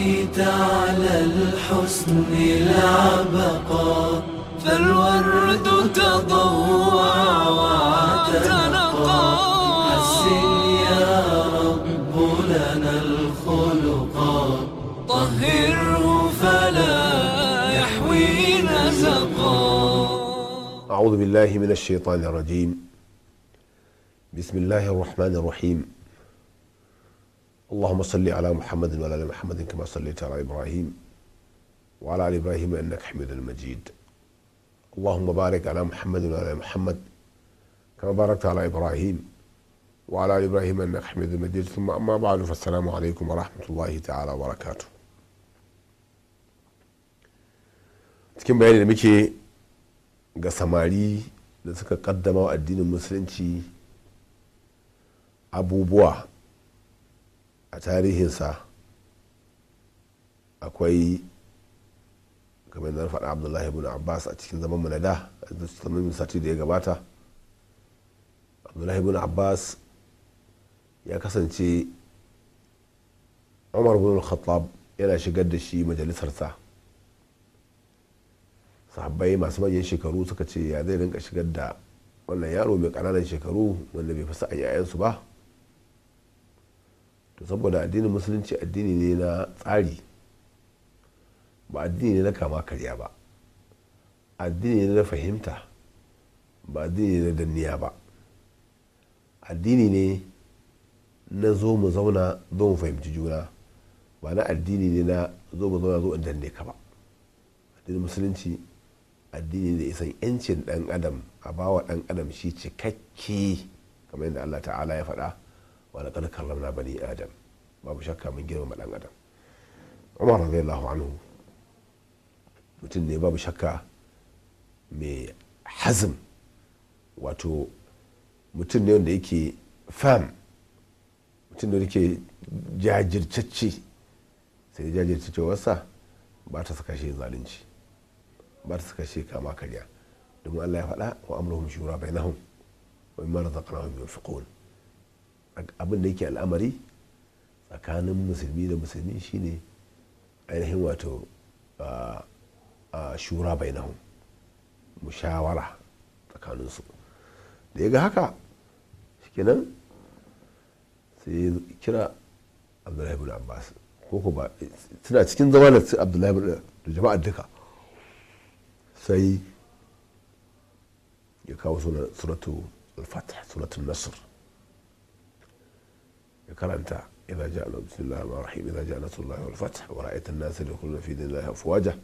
بقيت على الحسن العبقى فالورد تضوع وتنقى حسن يا رب لنا الخلقا طهره فلا يحوي نزقا أعوذ بالله من الشيطان الرجيم بسم الله الرحمن الرحيم اللهم صل على محمد وعلى ال محمد كما صليت على ابراهيم وعلى ال ابراهيم انك حميد مجيد اللهم بارك على محمد وعلى ال محمد كما باركت على ابراهيم وعلى ال ابراهيم انك حميد مجيد ثم اما بعد فالسلام عليكم ورحمه الله تعالى وبركاته cikin bayani da muke ga samari da suka kaddama wa addinin musulunci abubuwa a tarihinsa akwai kamar na faɗa abdullahi ibn abbas a cikin zaman na da a cikin sati da ya gabata abdullahi ibn abbas ya kasance umar ibn khattab yana shigar da shi majalisarsa sahabbai masu manyan shekaru suka ce ya zai rinka shigar da wannan yaro mai ƙananan shekaru wanda bai fi a 'ya'yansu ba to saboda addinin musulunci addini ne na tsari ba addini ne na kama karya ba addini ne na fahimta ba addini ne na danniya ba addini ne na zo mu zauna zo mu fahimci juna ba na addini ne na zo mu zauna zo in danne ka ba addinin musulunci addini da isan yancin dan adam a bawa dan adam shi cikakke kamar yadda allah ta'ala ya faɗa wa laqad karramna bani adam babu shakka mun girmama dan adam umar lahu anhu mutum ne babu shakka mai hazm wato mutum ne wanda yake fam mutum ne wanda yake jajirtacce sai wasa ba ta saka shi zalunci ba ta saka shi kama karya domin allah ya faɗa wa amurhum shura bainahum wa imma mai yunfiqun abin da yake al'amari tsakanin musulmi da musulmi shine ainihin wato a shura bai shawara mushawara tsakaninsu da ya ga haka shikenan sai kira abdullahi bin abbas ko ko ba suna cikin zama da abdullahi bin da jama'ar duka sai ya kawo suratu al-fatih suratu nasr قرأتها إذا جاء بسم الله الرحمن الرحيم إذا جاء نصر الله والفتح ورأيت الناس يدخلون في دين الله أفواجا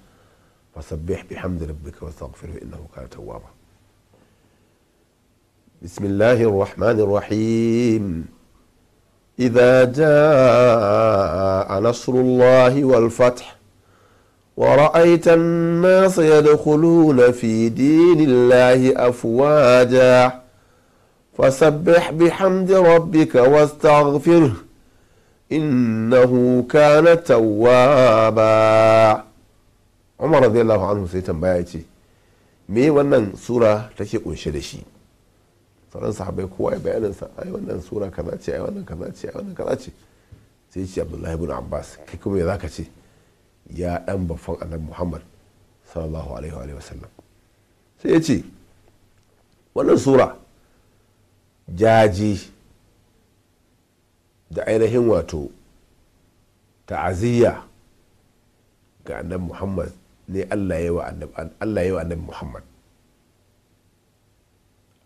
فسبح بحمد ربك واستغفره إنه كان توابا بسم الله الرحمن الرحيم إذا جاء نصر الله والفتح ورأيت الناس يدخلون في دين الله أفواجاً فسبح بحمد ربك واستغفره innahu kana tawwaba Umar radiyallahu anhu sai tambaya ce me wannan sura take kunshe da shi sauran sahabbai kowa ya bayanin sa ai wannan sura kaza ce ai wannan wannan kaza ce sai ya ce Abdullahi ibn Abbas kai kuma za ce ya dan baffan Annabi Muhammad sallallahu alaihi wa sallam sai ya ce wannan sura jaji da ainihin wato ta'aziyya ga annabi muhammad ne allah ya wa annabi muhammad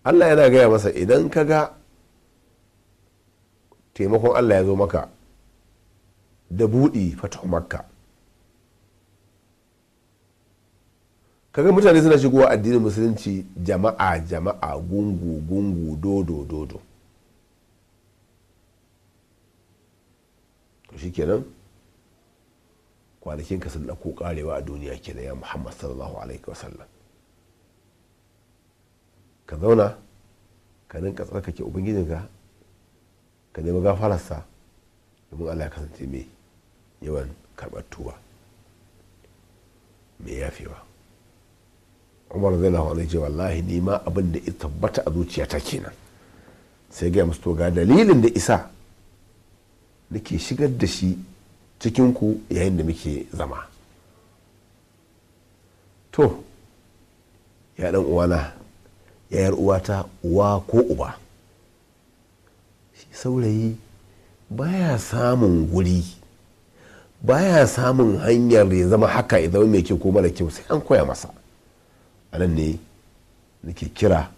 allah yana gaya masa idan ka ga taimakon allah ya zo maka da buɗi fatahu makka kaga mutane suna shigowa addinin musulunci jama'a jama'a gungu gungu dodo dodo to shikenan kwanakin ka sun ɗauko karewa a duniya ke da ya muhammad sallallahu alaihi wasallam ka zauna ka ninka tsarkake ubangijinka ka ka nemi gafararsa domin allah ya kasance mai yawan karɓar mai yafewa umar zai na ce wallahi ni ma abin da ya tabbata a zuciya ta kenan sai gaya musu to dalilin da isa nake shigar da shi cikin ku yayin da muke zama to ya dan uwana yayar uwata uwa ko uba shi saurayi baya samun guri baya samun hanyar ya zama haka ya mai kyau ko mara kyau sai an koya masa a nan ne nake kira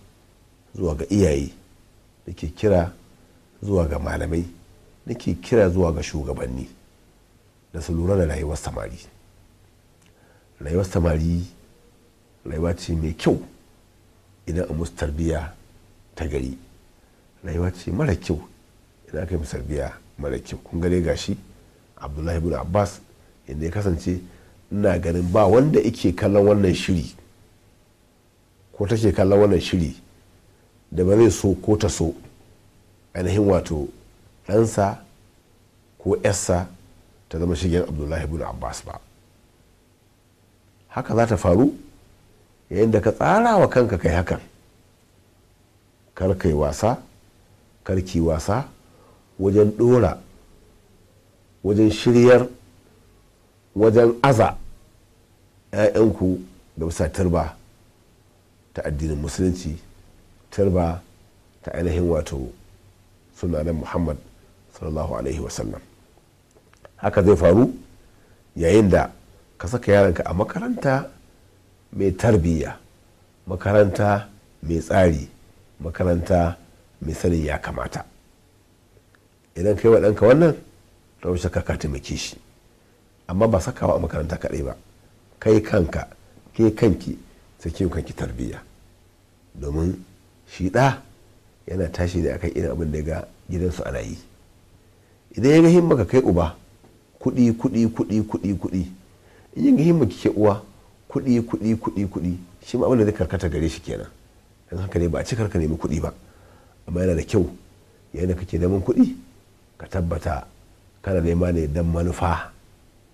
zuwa ga iyaye nake kira zuwa ga malamai nake kira zuwa ga shugabanni da su lura da rayuwar samari rayuwar samari rayuwa ce mai kyau idan a musu tarbiyya ta gari rayuwa ce mara kyau idan aka yi musu mara kyau kun gare gashi abdullahi bin abbas inda ya kasance ina ganin ba wanda yake kallon wannan shiri ko take kallon wannan shiri da ba zai so ko ta so ainihin wato ɗansa ko yarsa ta zama shigen abdullahi bin abbas ba haka za ta faru yayin da ka tsara wa kanka kai hakan kar kai wasa karki wasa wajen dora wajen shiryar wajen aza 'ya'yanku da bisa turba ta addinin musulunci turba ta ainihin wato sunanan muhammad sallallahu alaihi wasallam haka zai faru yayin da ka saka yaranka a makaranta mai tarbiyya makaranta mai tsari makaranta mai sanin ya kamata idan kai waɗanka wannan rawar ka ka taimake shi amma ba sakawa a makaranta kaɗai ba kai kanka ke kanki sai kiwo kanki tarbiyya domin shi ɗa yana tashi da akan irin abin da ga gidansu ana yi idan ya ga himma ka kai uba kuɗi kuɗi kuɗi kuɗi kuɗi in yin ga himma ke uwa kuɗi kuɗi kuɗi kuɗi shi ma abin da zai karkata gare shi kenan Dan haka ne ba a cikar ka nemi kuɗi ba amma yana da kyau yayin da kake neman kuɗi ka tabbata kana nema ne dan manufa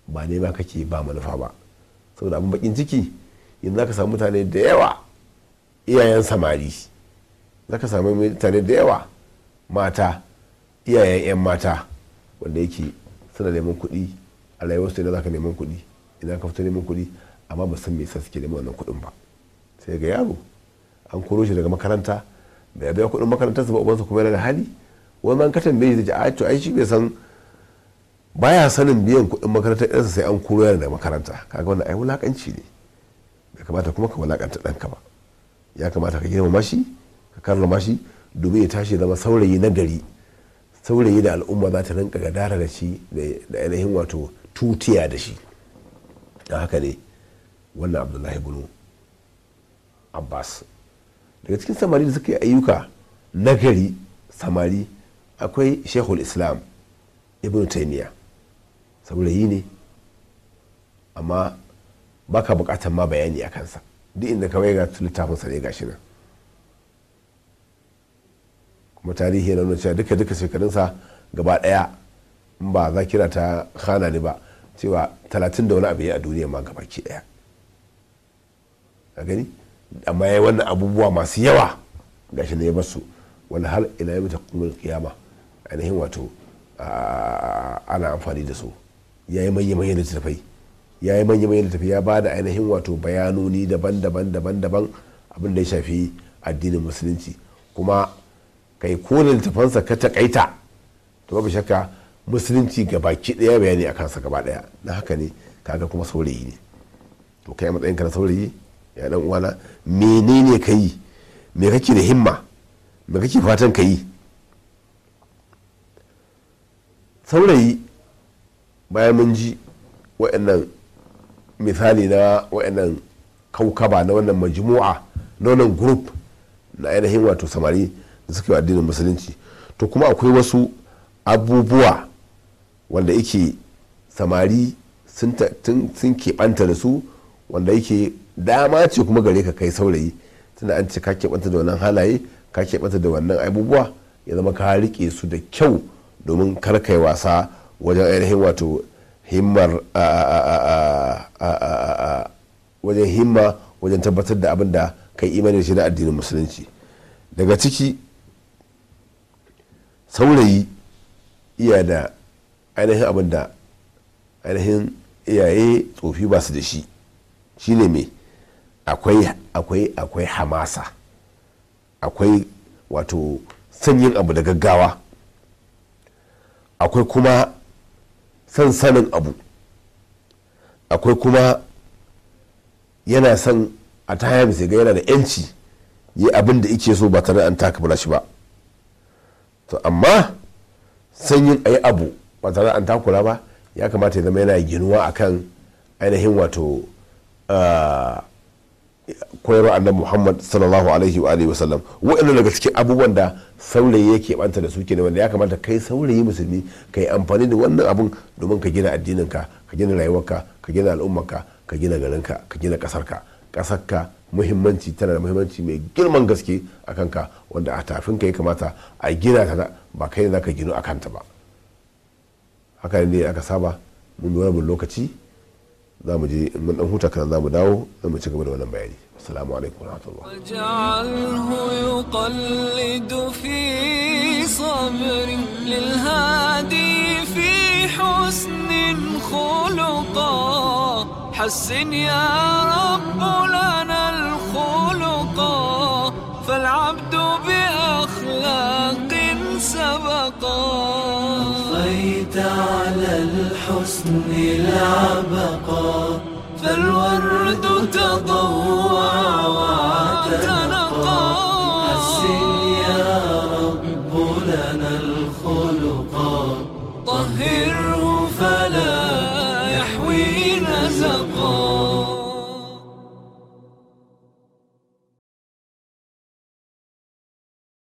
ba nema kake ba manufa ba saboda abin bakin ciki yanzu ka samu mutane da yawa iyayen samari za ka samu mutane da yawa mata iyayen 'yan mata wanda yake suna neman kuɗi a su ne za ka neman kuɗi idan ka fito neman kuɗi amma ba san me yasa suke neman wannan kuɗin ba sai ga yaro an koro shi daga makaranta da ya biya kuɗin su ba ubansa kuma yana da hali wani an bai bai da a to ai shi bai san baya sanin biyan kuɗin makarantar ɗansa sai an koro yana da makaranta kaga wannan ai wulakanci ne kamata kuma ka walakanta ɗanka ba ya kamata ka girmama shi ka karrama shi domin ya tashi zama saurayi na gari saurayi da al'umma za ta rinka gadara da shi da ainihin wato tutiya da shi a haka ne wannan abdullahi bunu abbas daga cikin samari da suka yi ayyuka na gari samari akwai shehul islam ibn taimiya saurayi ne amma baka bukatar ma bayani a kansa duk inda ka ga littafinsa ne gashi nan kuma tarihi na nuna cewa duka duka shekarunsa gaba daya in ba za kira ta hana ne ba cewa talatin da wani abu ya a duniya ma gaba ki daya a gani amma ya wannan abubuwa masu yawa gashi ne ya basu wani har ila ya mata kuma kiyama ainihin wato ana amfani da su ya yi manya-manya da tafai ya yi manya manyan tafiya ba da ainihin wato bayanoni daban-daban daban-daban abin da ya shafi addinin musulunci kuma kai ko da littafansa ka takaita to babu shakka musulunci baki daya bayani a kansa gaba daya na haka ne kaga kuma saurayi ne to kai matsayin ka na saurayi ya dan uwana menene ka me kake da himma me kake fatan ka saurayi bayan mun ji waɗannan misali na wa'annan kaukaba na wannan majmu'a na wannan group na ainihin wato samari da suke wa addinin musulunci to kuma akwai wasu abubuwa wanda yake samari sun keɓanta da su wanda yake dama ce kuma gare ka kai saurayi tunda an ce ka keɓanta da wannan halaye ka keɓanta da wannan abubuwa ya zama ka riƙe su da kyau domin kar kai wasa wajen ainihin wato himmar wajen himma wajen tabbatar da abin da kai imanin shi na addinin musulunci daga ciki saurayi iya da ainihin abin da ainihin iyaye tsofi ba su da shi shine ne mai akwai akwai hamasa akwai wato sanyin abu da gaggawa akwai kuma son sanin abu akwai kuma yana son a ta haya ga yana da yanci yi abin da ike so ba tare an takabura shi ba to amma son yin ayi abu ba tare an takula ba ya kamata ya zama yana ginuwa akan ainihin wato ah, koyarwa annabi muhammad sallallahu alaihi wa alihi wasallam wa'annan daga cikin abubuwan da saurayi yake banta da su ne wanda ya kamata kai saurayi musulmi ka yi amfani da wannan abun domin ka gina addininka ka gina rayuwarka ka gina al'ummarka ka gina garinka ka gina kasarka kasarka muhimmanci tana da muhimmanci mai girman gaske a kanka wanda a tafin ka ya kamata a gina ta ba kai ne za ka gino a kanta ba haka ne aka saba mun wani lokaci za mu je mun dan huta kan za mu dawo don mu ci gaba da wannan bayani assalamu alaikum warahmatullahi waj'alhu yuqallidu fi sabr lil hadi fi husn khuluqa حسن يا رب لنا الخلقا فالعبد بأخلاق سبقا أخفيت على الحسن العبقا الورد تضوى